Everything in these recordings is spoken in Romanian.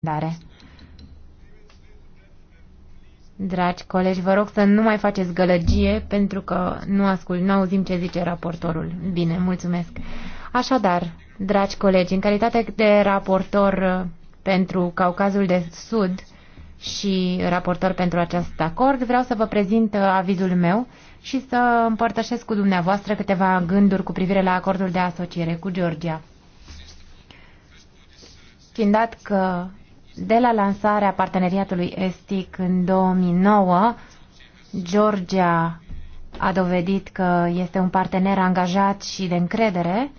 dare. Dragi colegi, vă rog să nu mai faceți gălăgie pentru că nu ascult, nu auzim ce zice raportorul. Bine, mulțumesc. Așadar, dragi colegi, în calitate de raportor uh, pentru Caucazul de Sud și raportor pentru acest acord, vreau să vă prezint uh, avizul meu și să împărtășesc cu dumneavoastră câteva gânduri cu privire la acordul de asociere cu Georgia. Fiind dat că de la lansarea parteneriatului estic în 2009, Georgia a dovedit că este un partener angajat și de încredere.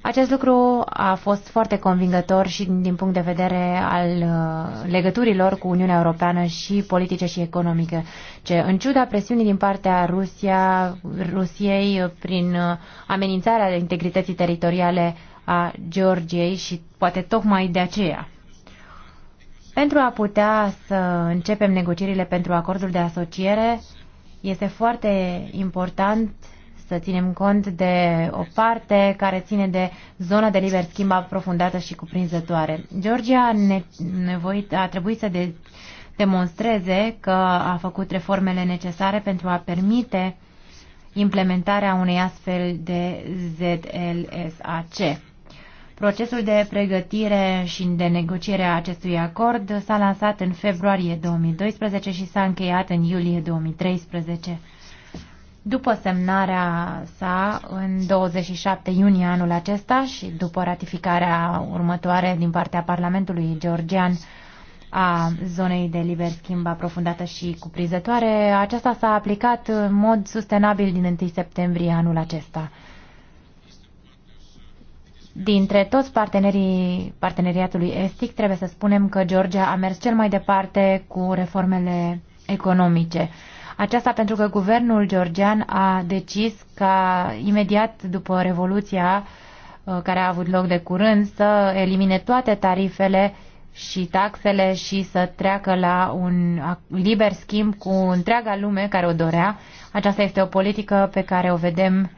Acest lucru a fost foarte convingător și din punct de vedere al uh, legăturilor cu Uniunea Europeană și politice și economice. Ce, în ciuda presiunii din partea Rusia, Rusiei uh, prin uh, amenințarea integrității teritoriale a Georgiei și poate tocmai de aceea. Pentru a putea să începem negocierile pentru acordul de asociere, este foarte important să ținem cont de o parte care ține de zona de liber schimb aprofundată și cuprinzătoare. Georgia ne, nevoit, a trebuit să de, demonstreze că a făcut reformele necesare pentru a permite implementarea unei astfel de ZLSAC. Procesul de pregătire și de negociere a acestui acord s-a lansat în februarie 2012 și s-a încheiat în iulie 2013. După semnarea sa în 27 iunie anul acesta și după ratificarea următoare din partea Parlamentului georgian a zonei de liber schimb aprofundată și cuprizătoare, aceasta s-a aplicat în mod sustenabil din 1 septembrie anul acesta. Dintre toți partenerii parteneriatului estic, trebuie să spunem că Georgia a mers cel mai departe cu reformele economice. Aceasta pentru că guvernul georgian a decis ca imediat după Revoluția uh, care a avut loc de curând să elimine toate tarifele și taxele și să treacă la un liber schimb cu întreaga lume care o dorea. Aceasta este o politică pe care o vedem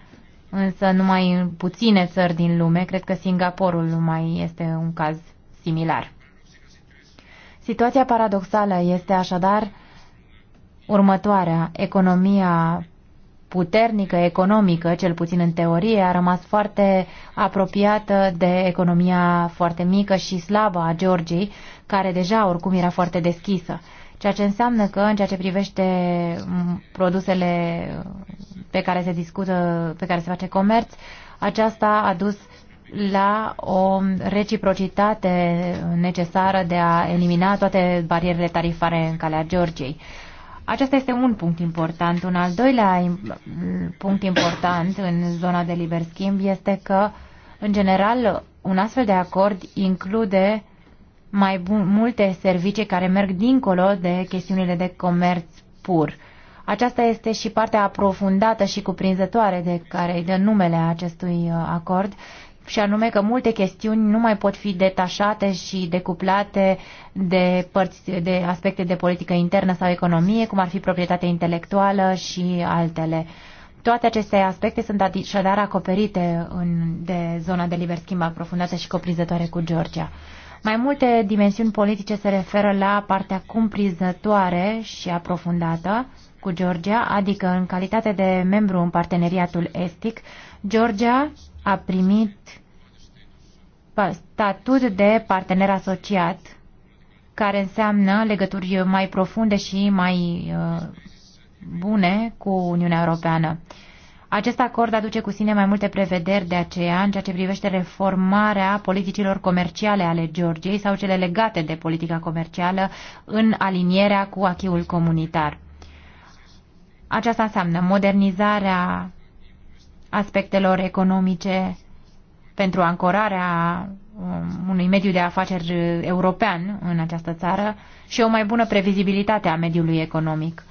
însă numai în puține țări din lume, cred că Singaporul mai este un caz similar. Situația paradoxală este așadar următoarea. Economia puternică economică, cel puțin în teorie, a rămas foarte apropiată de economia foarte mică și slabă a Georgiei, care deja oricum era foarte deschisă. Ceea ce înseamnă că, în ceea ce privește mm, produsele pe care se discută, pe care se face comerț, aceasta a dus la o reciprocitate necesară de a elimina toate barierele tarifare în calea Georgiei. Acesta este un punct important. Un al doilea punct important în zona de liber schimb este că, în general, un astfel de acord include mai bun, multe servicii care merg dincolo de chestiunile de comerț pur. Aceasta este și partea aprofundată și cuprinzătoare de care îi dă numele acestui uh, acord și anume că multe chestiuni nu mai pot fi detașate și decuplate de, părți, de aspecte de politică internă sau economie, cum ar fi proprietatea intelectuală și altele. Toate aceste aspecte sunt așadar acoperite în, de zona de liber schimb aprofundată și coprinzătoare cu Georgia. Mai multe dimensiuni politice se referă la partea cumprinzătoare și aprofundată cu Georgia, adică în calitate de membru în parteneriatul estic, Georgia a primit statut de partener asociat, care înseamnă legături mai profunde și mai uh, bune cu Uniunea Europeană. Acest acord aduce cu sine mai multe prevederi de aceea în ceea ce privește reformarea politicilor comerciale ale Georgiei sau cele legate de politica comercială în alinierea cu achiul comunitar. Aceasta înseamnă modernizarea aspectelor economice pentru ancorarea um, unui mediu de afaceri european în această țară și o mai bună previzibilitate a mediului economic.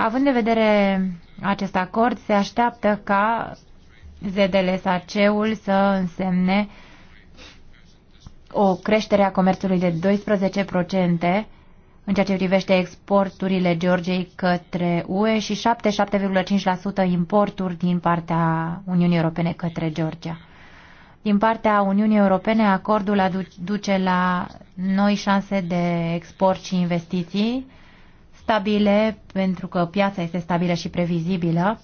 Având în vedere acest acord, se așteaptă ca ZLSAC-ul să însemne o creștere a comerțului de 12% în ceea ce privește exporturile Georgiei către UE și 7,5% importuri din partea Uniunii Europene către Georgia. Din partea Uniunii Europene, acordul aduce la noi șanse de export și investiții stabile, pentru că piața este stabilă și previzibilă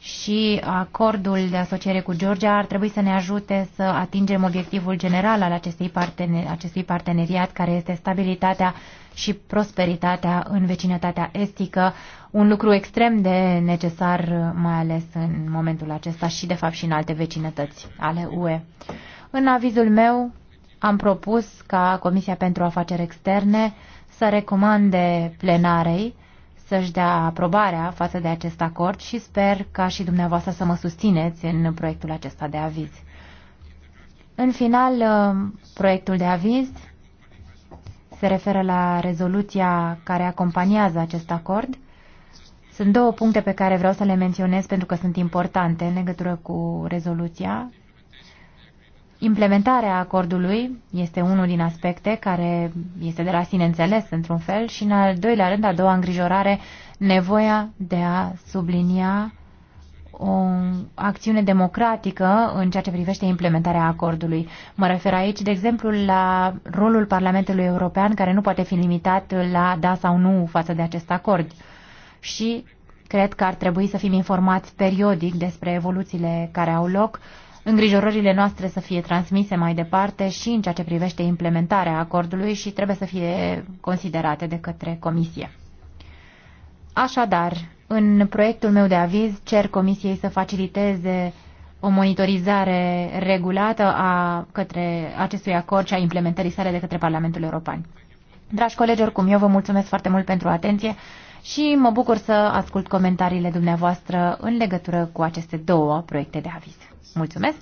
și acordul de asociere cu Georgia ar trebui să ne ajute să atingem obiectivul general al acestei partene- acestui parteneriat, care este stabilitatea și prosperitatea în vecinătatea estică, un lucru extrem de necesar, mai ales în momentul acesta și, de fapt, și în alte vecinătăți ale UE. În avizul meu am propus ca Comisia pentru Afaceri Externe să recomande plenarei să-și dea aprobarea față de acest acord și sper ca și dumneavoastră să mă susțineți în proiectul acesta de aviz. În final, uh, proiectul de aviz se referă la rezoluția care acompaniază acest acord. Sunt două puncte pe care vreau să le menționez pentru că sunt importante în legătură cu rezoluția Implementarea acordului este unul din aspecte care este de la sine înțeles într-un fel și în al doilea rând, a doua îngrijorare, nevoia de a sublinia o acțiune democratică în ceea ce privește implementarea acordului. Mă refer aici, de exemplu, la rolul Parlamentului European, care nu poate fi limitat la da sau nu față de acest acord. Și cred că ar trebui să fim informați periodic despre evoluțiile care au loc îngrijorările noastre să fie transmise mai departe și în ceea ce privește implementarea acordului și trebuie să fie considerate de către Comisie. Așadar, în proiectul meu de aviz cer Comisiei să faciliteze o monitorizare regulată a către acestui acord și a implementării sale de către Parlamentul European. Dragi colegi, oricum eu vă mulțumesc foarte mult pentru atenție și mă bucur să ascult comentariile dumneavoastră în legătură cu aceste două proiecte de aviz. Mulțumesc,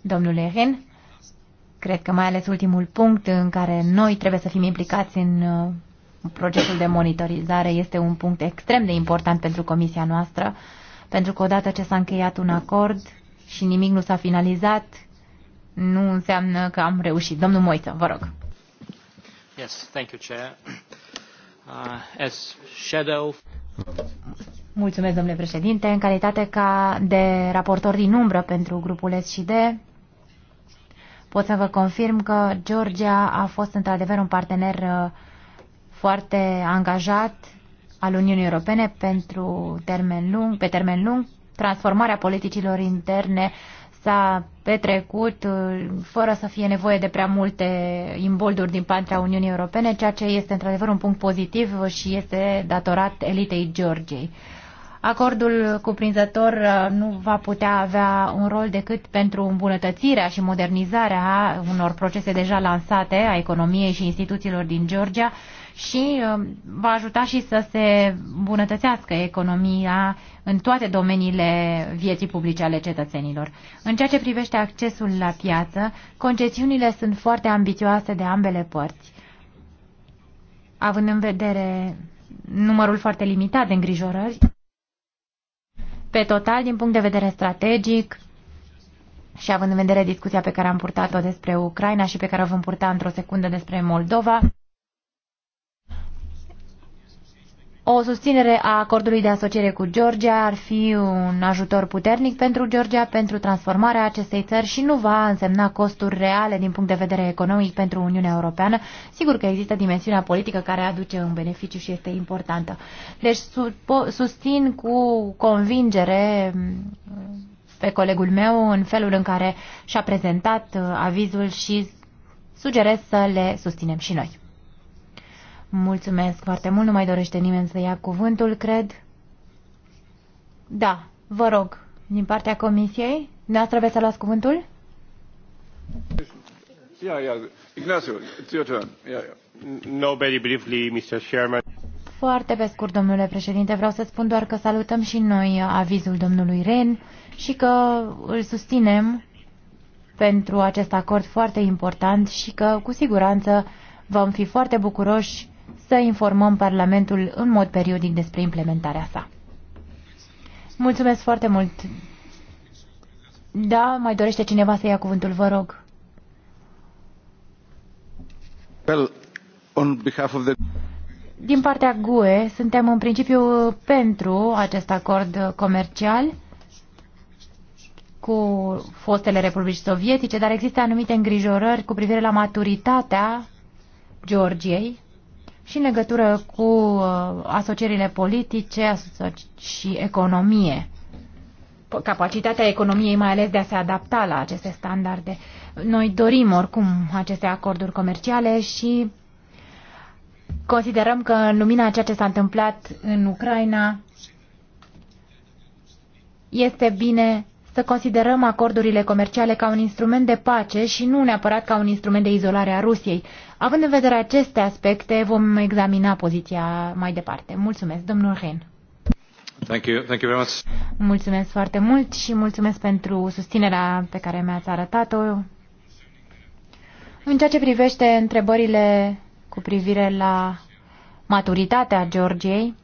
domnule Ren. Cred că mai ales ultimul punct în care noi trebuie să fim implicați în uh, procesul de monitorizare este un punct extrem de important pentru comisia noastră, pentru că odată ce s-a încheiat un acord și nimic nu s-a finalizat, nu înseamnă că am reușit. Domnul Moiță, vă rog. Yes, thank you, Chair. Uh, Mulțumesc, domnule președinte. În calitate ca de raportor din umbră pentru grupul SCD, pot să vă confirm că Georgia a fost într-adevăr un partener uh, foarte angajat al Uniunii Europene pentru termen lung, pe termen lung. Transformarea politicilor interne s-a petrecut uh, fără să fie nevoie de prea multe imbolduri din partea Uniunii Europene, ceea ce este într-adevăr un punct pozitiv și este datorat elitei Georgiei. Acordul cuprinzător uh, nu va putea avea un rol decât pentru îmbunătățirea și modernizarea unor procese deja lansate a economiei și instituțiilor din Georgia, și um, va ajuta și să se bunătățească economia în toate domeniile vieții publice ale cetățenilor. În ceea ce privește accesul la piață, concesiunile sunt foarte ambițioase de ambele părți, având în vedere numărul foarte limitat de îngrijorări. Pe total, din punct de vedere strategic, și având în vedere discuția pe care am purtat-o despre Ucraina și pe care o vom purta într-o secundă despre Moldova, O susținere a acordului de asociere cu Georgia ar fi un ajutor puternic pentru Georgia pentru transformarea acestei țări și nu va însemna costuri reale din punct de vedere economic pentru Uniunea Europeană. Sigur că există dimensiunea politică care aduce un beneficiu și este importantă. Deci susțin cu convingere mm, pe colegul meu în felul în care și-a prezentat uh, avizul și sugerez să le susținem și noi. Mulțumesc foarte mult. Nu mai dorește nimeni să ia cuvântul, cred. Da, vă rog, din partea comisiei, dumneavoastră trebuie să luați cuvântul? Yeah, yeah. Ignacio, it's your turn. Yeah, yeah. No, very briefly, Mr. Chairman. Foarte pe scurt, domnule președinte, vreau să spun doar că salutăm și noi avizul domnului Ren și că îl susținem pentru acest acord foarte important și că, cu siguranță, vom fi foarte bucuroși să informăm Parlamentul în mod periodic despre implementarea sa. Mulțumesc foarte mult. Da, mai dorește cineva să ia cuvântul, vă rog. Well, on behalf of the... Din partea GUE, suntem în principiu pentru acest acord comercial cu fostele republici sovietice, dar există anumite îngrijorări cu privire la maturitatea Georgiei și în legătură cu uh, asocierile politice și economie. Capacitatea economiei mai ales de a se adapta la aceste standarde. Noi dorim oricum aceste acorduri comerciale și considerăm că în lumina ceea ce s-a întâmplat în Ucraina este bine să considerăm acordurile comerciale ca un instrument de pace și nu neapărat ca un instrument de izolare a Rusiei. Având în vedere aceste aspecte, vom examina poziția mai departe. Mulțumesc, domnul Ren. Thank you. Thank you very much. Mulțumesc foarte mult și mulțumesc pentru susținerea pe care mi-ați arătat-o. În ceea ce privește întrebările cu privire la maturitatea Georgiei,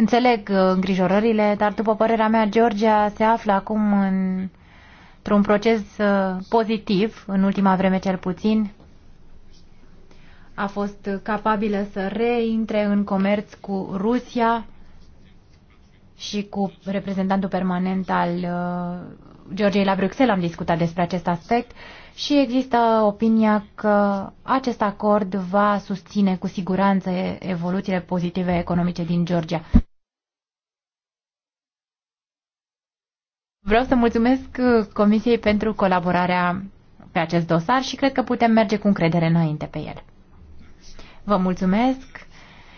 Înțeleg uh, îngrijorările, dar după părerea mea, Georgia se află acum în, într-un proces uh, pozitiv, în ultima vreme cel puțin. A fost capabilă să reintre în comerț cu Rusia și cu reprezentantul permanent al uh, Georgiei la Bruxelles am discutat despre acest aspect și există opinia că acest acord va susține cu siguranță evoluțiile pozitive economice din Georgia. Vreau să mulțumesc uh, Comisiei pentru colaborarea pe acest dosar și cred că putem merge cu încredere înainte pe el. Vă mulțumesc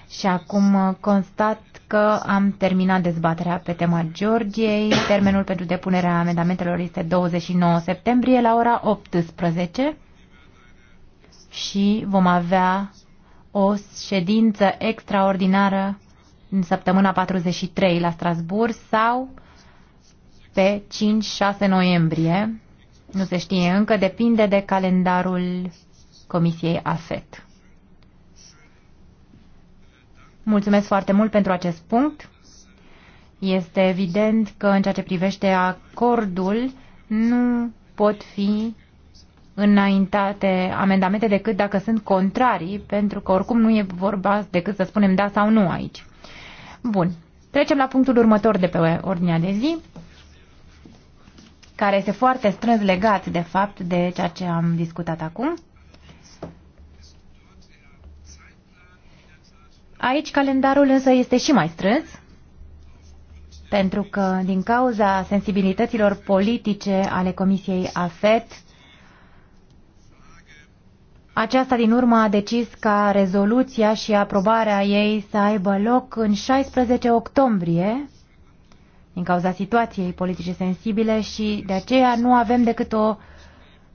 și acum uh, constat că am terminat dezbaterea pe tema Georgiei. Termenul pentru depunerea amendamentelor este 29 septembrie la ora 18 și vom avea o ședință extraordinară în săptămâna 43 la Strasbourg sau pe 5-6 noiembrie. Nu se știe încă, depinde de calendarul Comisiei AFET. Mulțumesc foarte mult pentru acest punct. Este evident că în ceea ce privește acordul nu pot fi înaintate amendamente decât dacă sunt contrarii, pentru că oricum nu e vorba decât să spunem da sau nu aici. Bun. Trecem la punctul următor de pe ordinea de zi care este foarte strâns legat, de fapt, de ceea ce am discutat acum. Aici calendarul însă este și mai strâns, pentru că din cauza sensibilităților politice ale Comisiei AFET, aceasta din urmă a decis ca rezoluția și aprobarea ei să aibă loc în 16 octombrie din cauza situației politice sensibile și de aceea nu avem decât o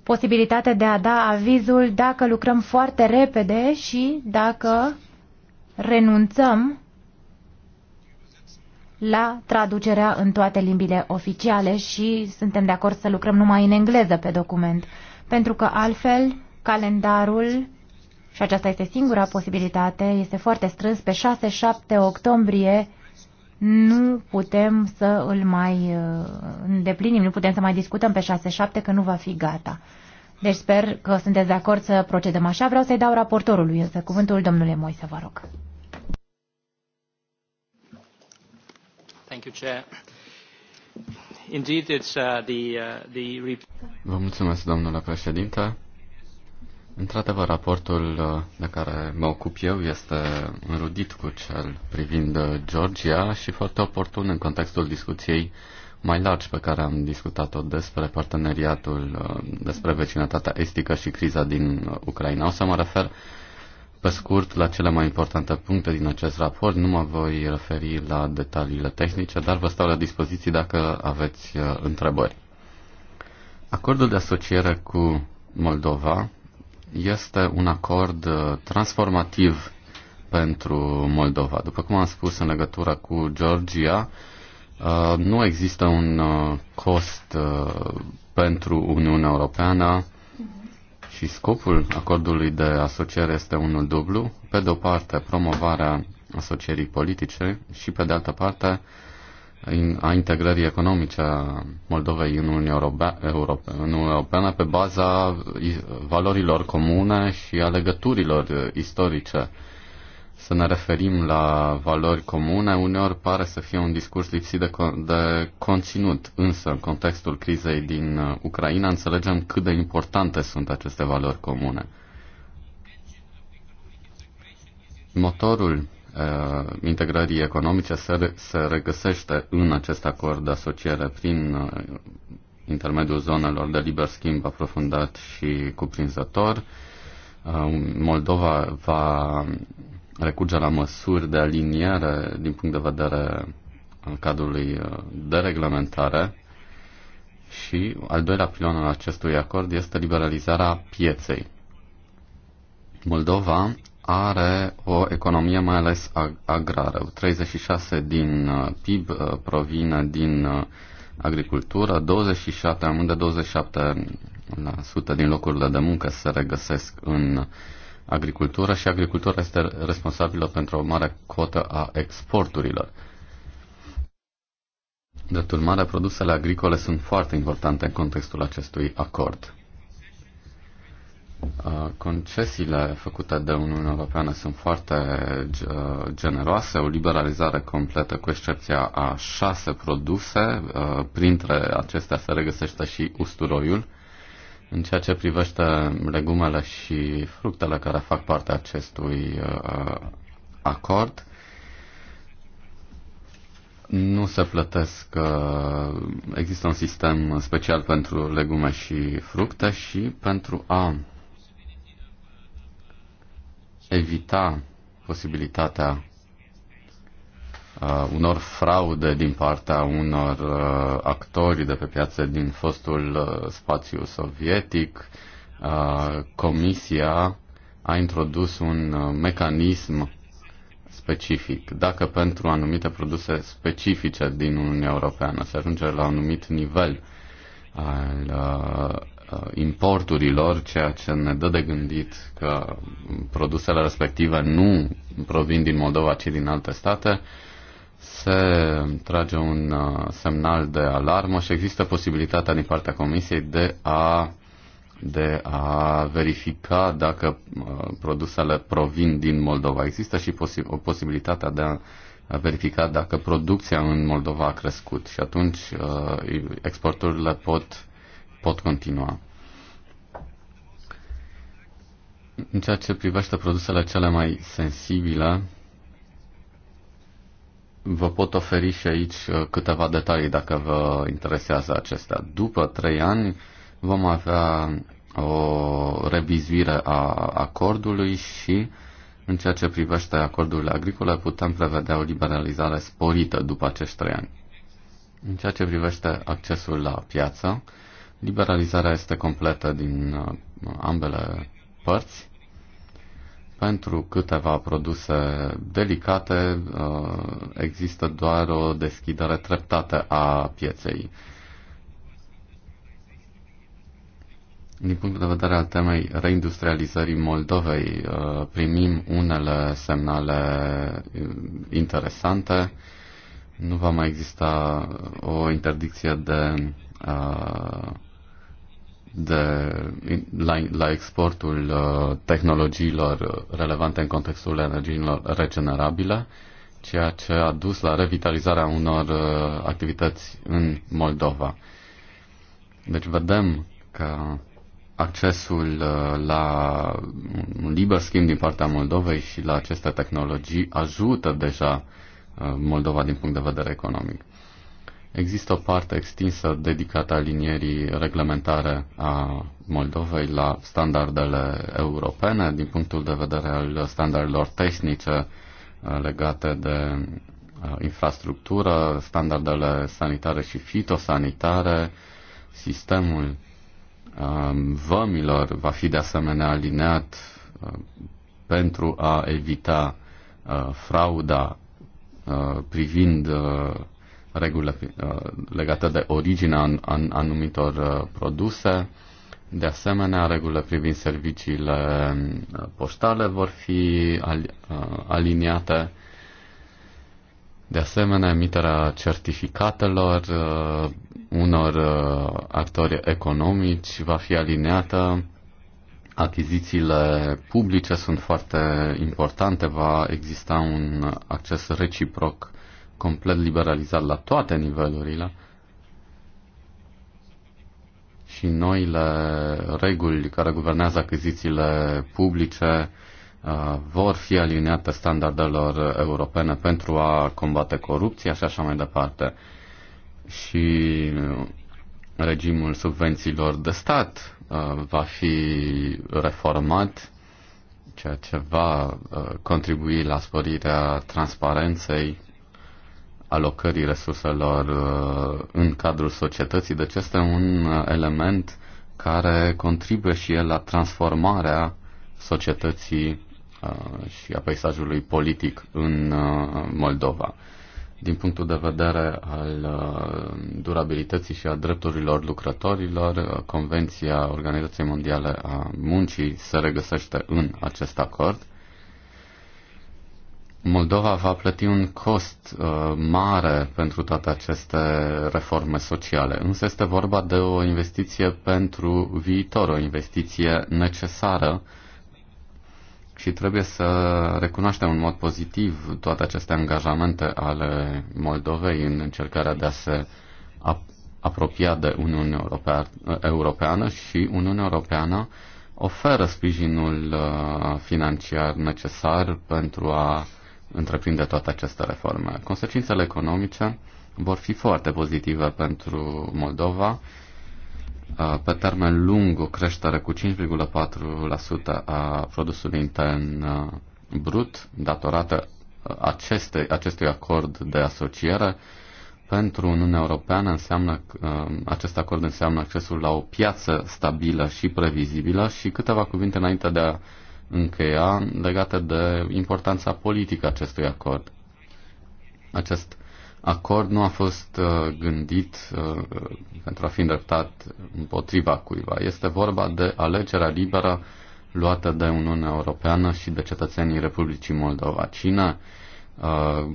posibilitate de a da avizul dacă lucrăm foarte repede și dacă renunțăm la traducerea în toate limbile oficiale și suntem de acord să lucrăm numai în engleză pe document, pentru că altfel calendarul, și aceasta este singura posibilitate, este foarte strâns pe 6-7 octombrie nu putem să îl mai uh, îndeplinim, nu putem să mai discutăm pe 6-7 că nu va fi gata. Deci sper că sunteți de acord să procedăm așa. Vreau să-i dau raportorului însă cuvântul domnule Moise, vă rog. Thank you, Chair. Indeed, it's, uh, the, uh, the... Vă mulțumesc, domnule președinte. Într-adevăr, raportul uh, de care mă ocup eu este înrudit cu cel privind uh, Georgia și foarte oportun în contextul discuției mai largi pe care am discutat-o despre parteneriatul, uh, despre vecinătatea estică și criza din Ucraina. O să mă refer pe scurt la cele mai importante puncte din acest raport. Nu mă voi referi la detaliile tehnice, dar vă stau la dispoziție dacă aveți întrebări. Acordul de asociere cu Moldova este un acord uh, transformativ pentru Moldova. După cum am spus în legătură cu Georgia, uh, nu există un uh, cost pentru Uniunea Europeană și scopul acordului de asociere este unul dublu. Pe de o parte, promovarea asocierii politice și pe de altă parte, a integrării economice a Moldovei în Uniunea Europeană pe baza valorilor comune și a legăturilor istorice. Să ne referim la valori comune uneori pare să fie un discurs lipsit de, de conținut, însă în contextul crizei din uh, Ucraina înțelegem cât de importante sunt aceste valori comune. Motorul uh, integrării economice se, re- se regăsește în acest acord de asociere prin uh, intermediul zonelor de liber schimb aprofundat și cuprinzător. Uh, Moldova va recurge la măsuri de aliniere din punct de vedere al cadrului uh, de reglementare și al doilea pilon al acestui acord este liberalizarea pieței. Moldova are o economie mai ales agrară. 36 din uh, PIB uh, provine din uh, agricultură, 27, unde 27% din locurile de muncă se regăsesc în agricultură și agricultura este responsabilă pentru o mare cotă a exporturilor. Drept urmare, produsele agricole sunt foarte importante în contextul acestui acord. Uh, concesiile făcute de Uniunea Europeană sunt foarte uh, generoase, o liberalizare completă cu excepția a șase produse, uh, printre acestea se regăsește și usturoiul. În ceea ce privește legumele și fructele care fac parte acestui acord, nu se plătesc, există un sistem special pentru legume și fructe și pentru a evita posibilitatea uh, unor fraude din partea unor uh, actori de pe piață din fostul uh, spațiu sovietic, uh, Comisia a introdus un uh, mecanism specific. Dacă pentru anumite produse specifice din Uniunea Europeană se ajunge la un anumit nivel al uh, Uh, importurilor, ceea ce ne dă de gândit că produsele respective nu provin din Moldova, ci din alte state, se trage un uh, semnal de alarmă și există posibilitatea din partea Comisiei de a, de a verifica dacă uh, produsele provin din Moldova. Există și posi- o posibilitate de a a verifica dacă producția în Moldova a crescut și atunci exporturile pot pot continua. În ceea ce privește produsele cele mai sensibile, vă pot oferi și aici uh, câteva detalii dacă vă interesează acestea. După trei ani vom avea o revizuire a acordului și în ceea ce privește acordurile agricole putem prevedea o liberalizare sporită după acești trei ani. În ceea ce privește accesul la piață, Liberalizarea este completă din uh, ambele părți. Pentru câteva produse delicate uh, există doar o deschidere treptată a pieței. Din punct de vedere al temei reindustrializării Moldovei, uh, primim unele semnale interesante. Nu va mai exista o interdicție de uh, de, la, la exportul uh, tehnologiilor relevante în contextul energiilor regenerabile, ceea ce a dus la revitalizarea unor uh, activități în Moldova. Deci vedem că accesul uh, la un liber schimb din partea Moldovei și la aceste tehnologii ajută deja Moldova din punct de vedere economic. Există o parte extinsă dedicată alinierii reglementare a Moldovei la standardele europene din punctul de vedere al standardelor tehnice eh, legate de eh, infrastructură, standardele sanitare și fitosanitare, sistemul eh, vămilor va fi de asemenea alineat pentru a evita frauda privind regulile uh, legate de originea anumitor uh, produse. De asemenea, regulile privind serviciile uh, poștale vor fi aliniate. De asemenea, emiterea certificatelor unor actori economici va fi aliniată, Achizițiile publice sunt foarte importante, va exista un acces reciproc complet liberalizat la toate nivelurile și noile reguli care guvernează achizițiile publice uh, vor fi aliniate standardelor europene pentru a combate corupția și așa mai departe. Și uh, regimul subvențiilor de stat uh, va fi reformat, ceea ce va contribui la sporirea transparenței alocării resurselor uh, în cadrul societății. Deci este un uh, element care contribuie și el la transformarea societății uh, și a peisajului politic în Moldova. Din punctul de vedere al durabilității și a drepturilor lucrătorilor, Convenția Organizației Mondiale a Muncii se regăsește în acest acord Moldova va plăti un cost uh, mare pentru toate aceste reforme sociale, însă este vorba de o investiție pentru viitor, o investiție necesară și trebuie să recunoaștem în mod pozitiv toate aceste angajamente ale Moldovei în încercarea de a se apropia de Uniunea Europeană și Uniunea Europeană oferă sprijinul uh, financiar necesar pentru a întreprinde toată această reformă. Consecințele economice vor fi foarte pozitive pentru Moldova. Uh, pe termen lung, o creștere cu 5,4% a produsului intern uh, brut, datorată uh, aceste, acestui acord de asociere, pentru Uniunea Europeană înseamnă, acest acord înseamnă accesul la o piață stabilă și previzibilă și câteva cuvinte înainte de a încheia legate de importanța politică acestui acord. Acest acord nu a fost uh, gândit uh, pentru a fi îndreptat împotriva cuiva. Este vorba de alegerea liberă luată de Uniunea Europeană și de cetățenii Republicii Moldova. Cine uh,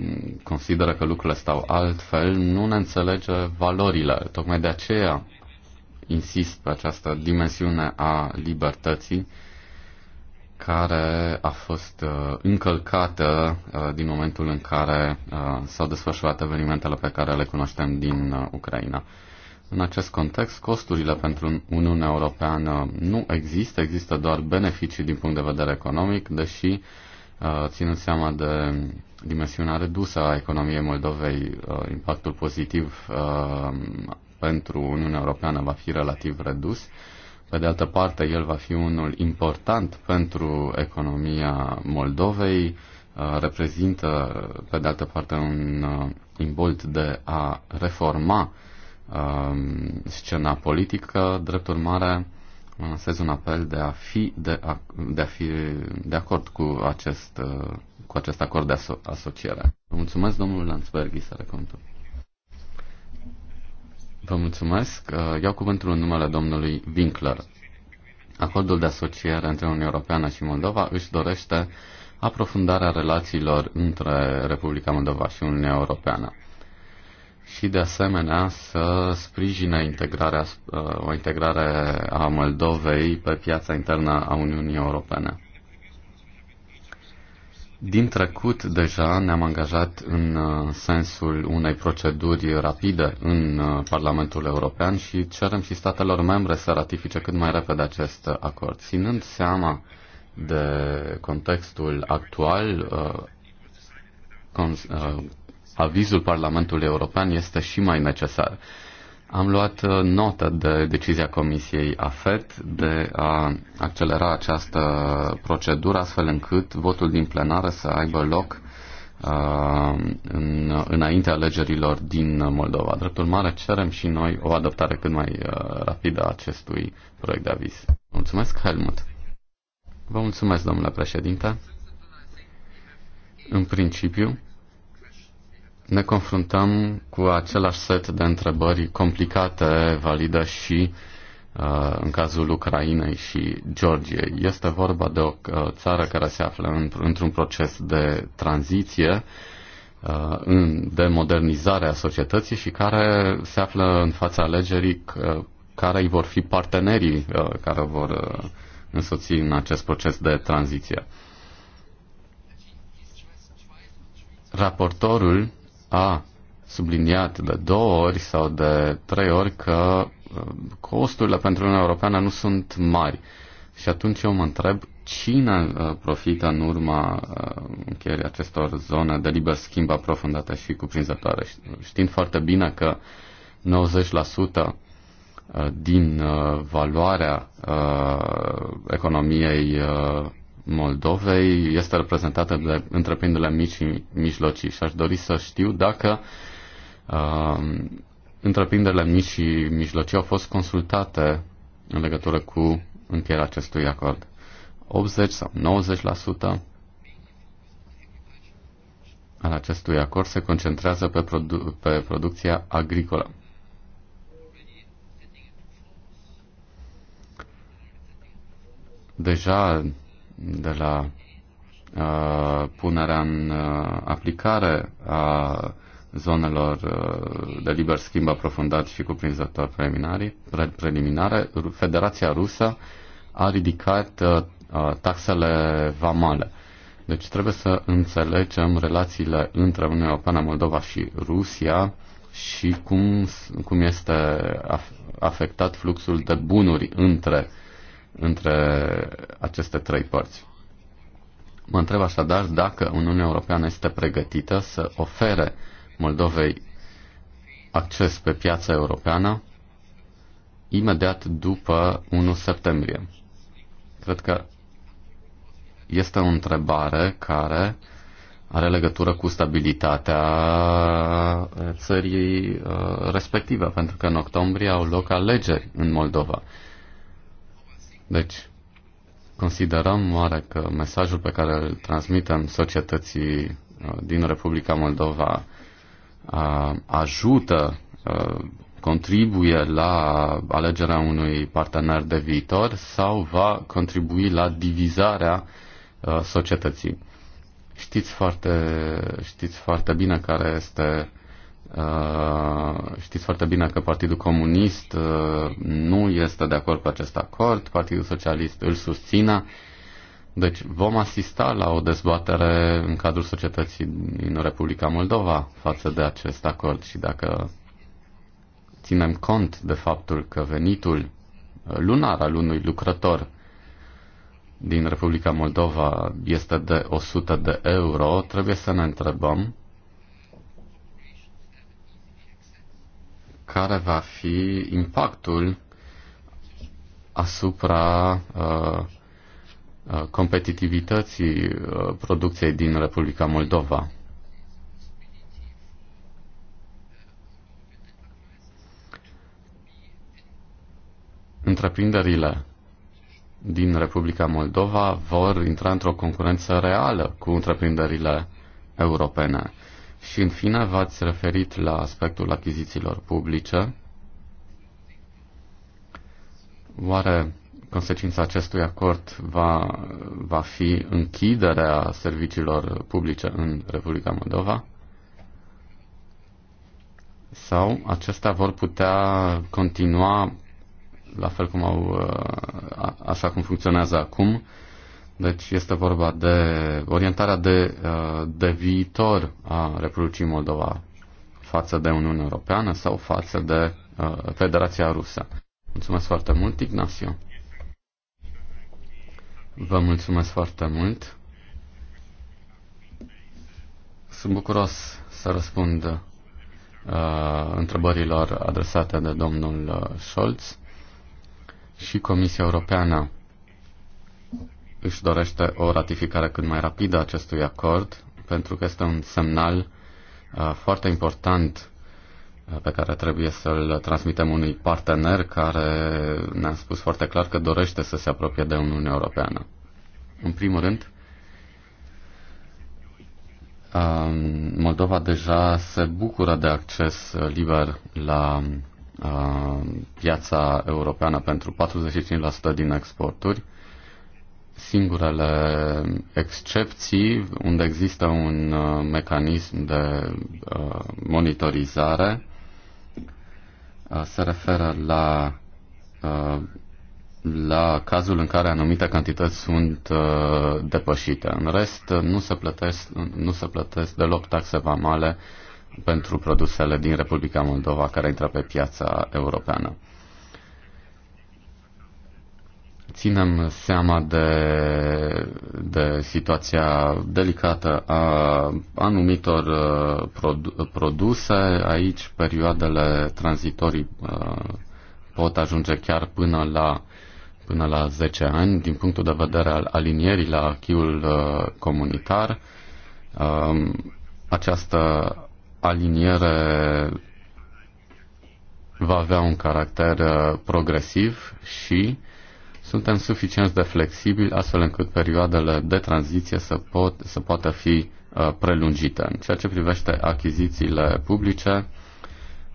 consideră că lucrurile stau altfel, nu ne înțelege valorile. Tocmai de aceea insist pe această dimensiune a libertății care a fost uh, încălcată uh, din momentul în care uh, s-au desfășurat evenimentele pe care le cunoaștem din Ucraina. În acest context, costurile pentru Uniunea Europeană nu există, există doar beneficii din punct de vedere economic, deși ținând seama de dimensiunea redusă a economiei Moldovei, impactul pozitiv pentru Uniunea Europeană va fi relativ redus. Pe de altă parte, el va fi unul important pentru economia Moldovei, uh, reprezintă, pe de altă parte, un uh, imbolt de a reforma um, scena politică, drept urmare, lansez un apel de a fi de, a, de, a fi de acord cu acest, uh, cu acest acord de aso- asociere. Mulțumesc, domnul Landsberghi, să recomandăm. Vă mulțumesc. Uh, iau cuvântul în numele domnului Winkler. Acordul de asociere între Uniunea Europeană și Moldova își dorește aprofundarea relațiilor între Republica Moldova și Uniunea Europeană și de asemenea să sprijine integrarea, uh, o integrare a Moldovei pe piața internă a Uniunii Europene. Din trecut deja ne-am angajat în uh, sensul unei proceduri rapide în uh, Parlamentul European și cerem și statelor membre să ratifice cât mai repede acest acord. Ținând seama de contextul actual, uh, avizul Parlamentului European este și mai necesar. Am luat uh, notă de decizia Comisiei AFET de a accelera această procedură astfel încât votul din plenară să aibă loc uh, în, înainte alegerilor din Moldova. Drept urmare, cerem și noi o adoptare cât mai uh, rapidă a acestui proiect de aviz. Mulțumesc, Helmut. Vă mulțumesc, domnule președinte. În principiu, ne confruntăm cu același set de întrebări complicate, valide și uh, în cazul Ucrainei și Georgiei. Este vorba de o uh, țară care se află într-un proces de tranziție, uh, de modernizare a societății și care se află în fața alegerii care îi vor fi partenerii care vor însoți în acest proces de tranziție. Raportorul a subliniat de două ori sau de trei ori că uh, costurile pentru Uniunea Europeană nu sunt mari. Și atunci eu mă întreb cine uh, profită în urma uh, încheierii acestor zone de liber schimb aprofundate și cuprinzătoare. Știind foarte bine că 90% din valoarea economiei Moldovei este reprezentată de întreprinderile mici și mijlocii și aș dori să știu dacă uh, întreprinderile mici și mijlocii au fost consultate în legătură cu încheierea acestui acord. 80 sau 90% al acestui acord se concentrează pe, produ- pe producția agricolă. Deja de la uh, punerea în uh, aplicare a zonelor uh, de liber schimb aprofundat și cuprinzător preliminare, preliminare Federația Rusă a ridicat uh, uh, taxele vamale. Deci trebuie să înțelegem relațiile între Uniunea Europeană, Moldova și Rusia și cum, cum este afectat fluxul de bunuri între uh, între aceste trei părți. Mă întreb așadar dacă Uniunea Europeană este pregătită să ofere Moldovei acces pe piața europeană imediat după 1 septembrie. Cred că este o întrebare care are legătură cu stabilitatea uh, țării uh, respective, pentru că în octombrie au loc alegeri în Moldova. Deci, considerăm oare că mesajul pe care îl transmitem societății uh, din Republica Moldova uh, ajută, uh, contribuie la alegerea unui partener de viitor sau va contribui la divizarea societății. Știți foarte, știți foarte bine care este Uh, știți foarte bine că Partidul Comunist uh, nu este de acord cu acest acord, Partidul Socialist îl susține. Deci vom asista la o dezbatere în cadrul societății din Republica Moldova față de acest acord și dacă ținem cont de faptul că venitul uh, lunar al unui lucrător din Republica Moldova este de 100 de euro, trebuie să ne întrebăm care va fi impactul asupra uh, uh competitivității uh, producției din Republica Moldova. Întreprinderile din Republica Moldova vor intra într-o concurență reală cu întreprinderile europene. Și în fine v-ați referit la aspectul achizițiilor publice. Oare consecința acestui acord va, va fi închiderea serviciilor publice în Republica Moldova? Sau acestea vor putea continua la fel cum au, așa cum funcționează acum, deci este vorba de orientarea de, uh, de viitor a Republicii Moldova față de Uniunea Europeană sau față de uh, Federația Rusă. Mulțumesc foarte mult, Ignacio. Vă mulțumesc foarte mult. Sunt bucuros să răspund uh, întrebărilor adresate de domnul uh, Scholz și Comisia Europeană își dorește o ratificare cât mai rapidă a acestui acord, pentru că este un semnal uh, foarte important uh, pe care trebuie să-l transmitem unui partener care ne-a spus foarte clar că dorește să se apropie de Uniunea Europeană. În primul rând, um, Moldova deja se bucură de acces liber la uh, piața europeană pentru 45% din exporturi singurele excepții unde există un uh, mecanism de uh, monitorizare uh, se referă la, la cazul în care anumite cantități sunt depășite. În rest, nu se plătesc, nu se plătesc deloc taxe vamale pentru produsele din Republica Moldova care intră pe piața europeană ținem seama de, de situația delicată a anumitor uh, produse. Aici perioadele tranzitorii uh, pot ajunge chiar până la până la 10 ani din punctul de vedere al alinierii la achiul uh, comunitar. Um, această aliniere va avea un caracter progresiv și uh, suntem suficient de flexibili astfel încât perioadele de tranziție să, pot, să poată fi uh, prelungite. În ceea ce privește achizițiile publice,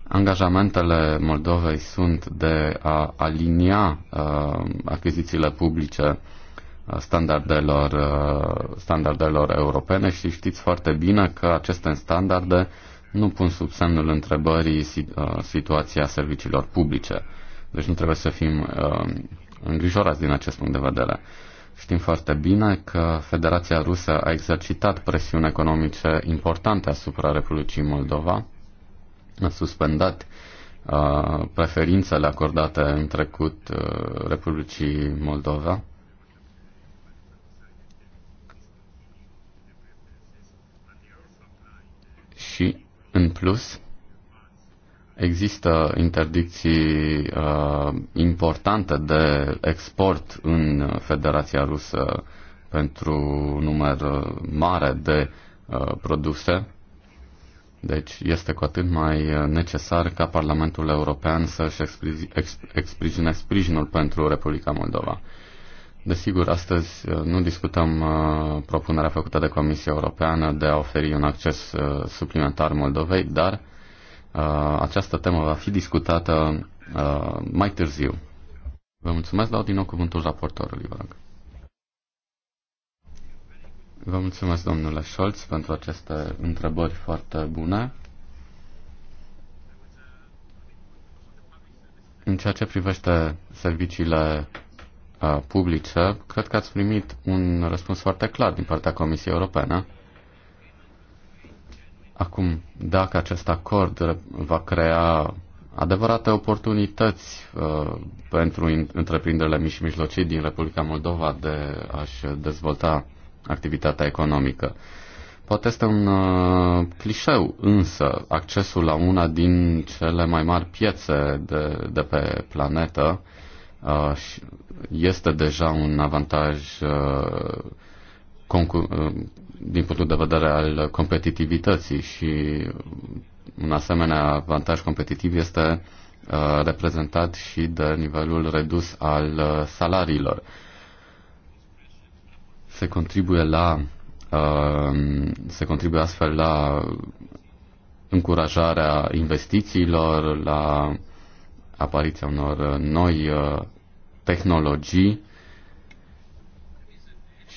angajamentele Moldovei sunt de a alinia uh, achizițiile publice uh, standardelor, uh, standardelor europene și știți foarte bine că aceste standarde nu pun sub semnul întrebării uh, situația serviciilor publice. Deci nu trebuie să fim uh, îngrijorați din acest punct de vedere. Știm foarte bine că Federația Rusă a exercitat presiuni economice importante asupra Republicii Moldova, a suspendat uh, preferințele acordate în trecut uh, Republicii Moldova. Și, în plus, Există interdicții uh, importante de export în Federația Rusă pentru număr mare de uh, produse. Deci este cu atât mai uh, necesar ca Parlamentul European să-și exprime sprijinul pentru Republica Moldova. Desigur, astăzi uh, nu discutăm uh, propunerea făcută de Comisia Europeană de a oferi un acces uh, suplimentar Moldovei, dar uh, Uh, această temă va fi discutată uh, mai târziu. Vă mulțumesc, dau din nou cuvântul raportorului, vă rog. Vă mulțumesc, domnule Scholz, pentru aceste întrebări foarte bune. În ceea ce privește serviciile uh, publice, cred că ați primit un răspuns foarte clar din partea Comisiei Europene. Acum, dacă acest acord va crea adevărate oportunități uh, pentru întreprinderile mici și mijlocii din Republica Moldova de a-și dezvolta activitatea economică. Poate este un uh, clișeu, însă accesul la una din cele mai mari piețe de, de pe planetă uh, este deja un avantaj uh, concur- uh, din punctul de vedere al competitivității și un asemenea avantaj competitiv este uh, reprezentat și de nivelul redus al uh, salariilor. Se contribuie la uh, se contribuie astfel la încurajarea investițiilor, la apariția unor noi tehnologii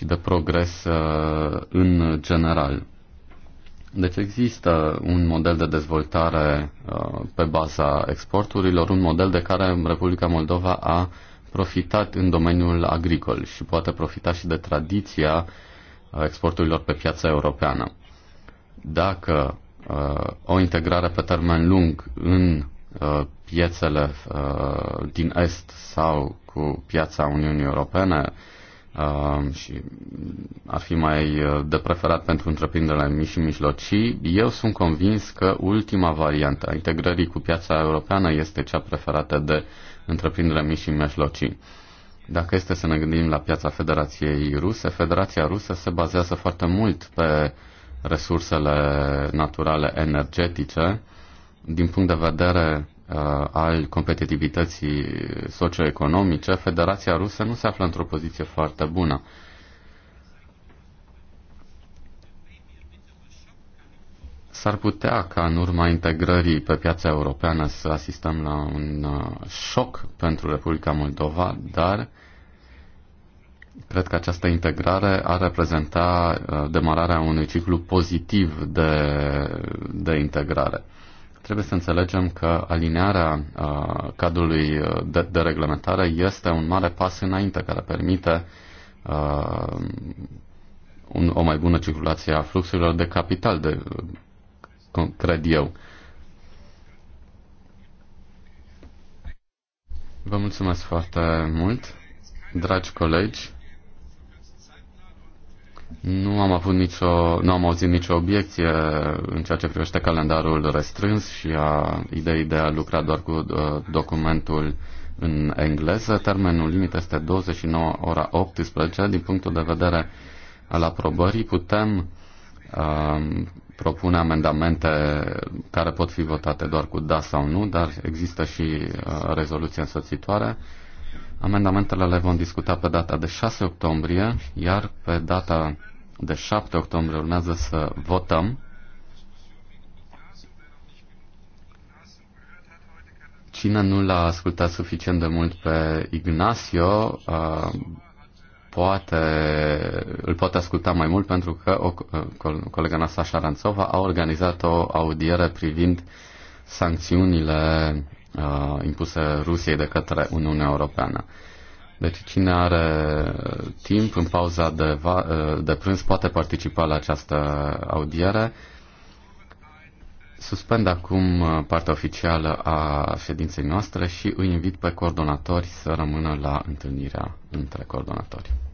și de progres uh, în general. Deci există un model de dezvoltare uh, pe baza exporturilor, un model de care Republica Moldova a profitat în domeniul agricol și poate profita și de tradiția uh, exporturilor pe piața europeană. Dacă o integrare pe termen lung în piețele din Est sau cu piața Uniunii Europene Um, și ar fi mai uh, de preferat pentru întreprinderile mici și mijlocii, eu sunt convins că ultima variantă a integrării cu piața europeană este cea preferată de întreprinderile mici și mijlocii. Dacă este să ne gândim la piața Federației Ruse, Federația Rusă se bazează foarte mult pe resursele naturale energetice. Din punct de vedere Uh, al competitivității socioeconomice, Federația Rusă nu se află într-o poziție foarte bună. S-ar putea ca în urma integrării pe piața europeană să asistăm la un uh, șoc pentru Republica Moldova, dar cred că această integrare ar reprezenta uh, demararea unui ciclu pozitiv de, de integrare. Trebuie să înțelegem că alinearea uh, cadrului uh, de, de reglementare este un mare pas înainte care permite uh, un, o mai bună circulație a fluxurilor de capital, de, uh, cred eu. Vă mulțumesc foarte mult, dragi colegi. Nu am avut nicio, nu am auzit nicio obiecție în ceea ce privește calendarul restrâns și a ideii de a lucra doar cu uh, documentul în engleză. Termenul limit este 29 ora 18. Din punctul de vedere al aprobării putem uh, propune amendamente care pot fi votate doar cu da sau nu, dar există și uh, rezoluție însoțitoare. Amendamentele le vom discuta pe data de 6 octombrie, iar pe data de 7 octombrie urmează să votăm. Cine nu l-a ascultat suficient de mult pe Ignacio, poate, îl poate asculta mai mult pentru că o, colega noastră Șaranțova a organizat o audiere privind sancțiunile uh, impuse Rusiei de către Uniunea Europeană. Deci cine are timp în pauza de, va, uh, de prânz poate participa la această audiere. Suspend acum uh, partea oficială a ședinței noastre și îi invit pe coordonatori să rămână la întâlnirea între coordonatori.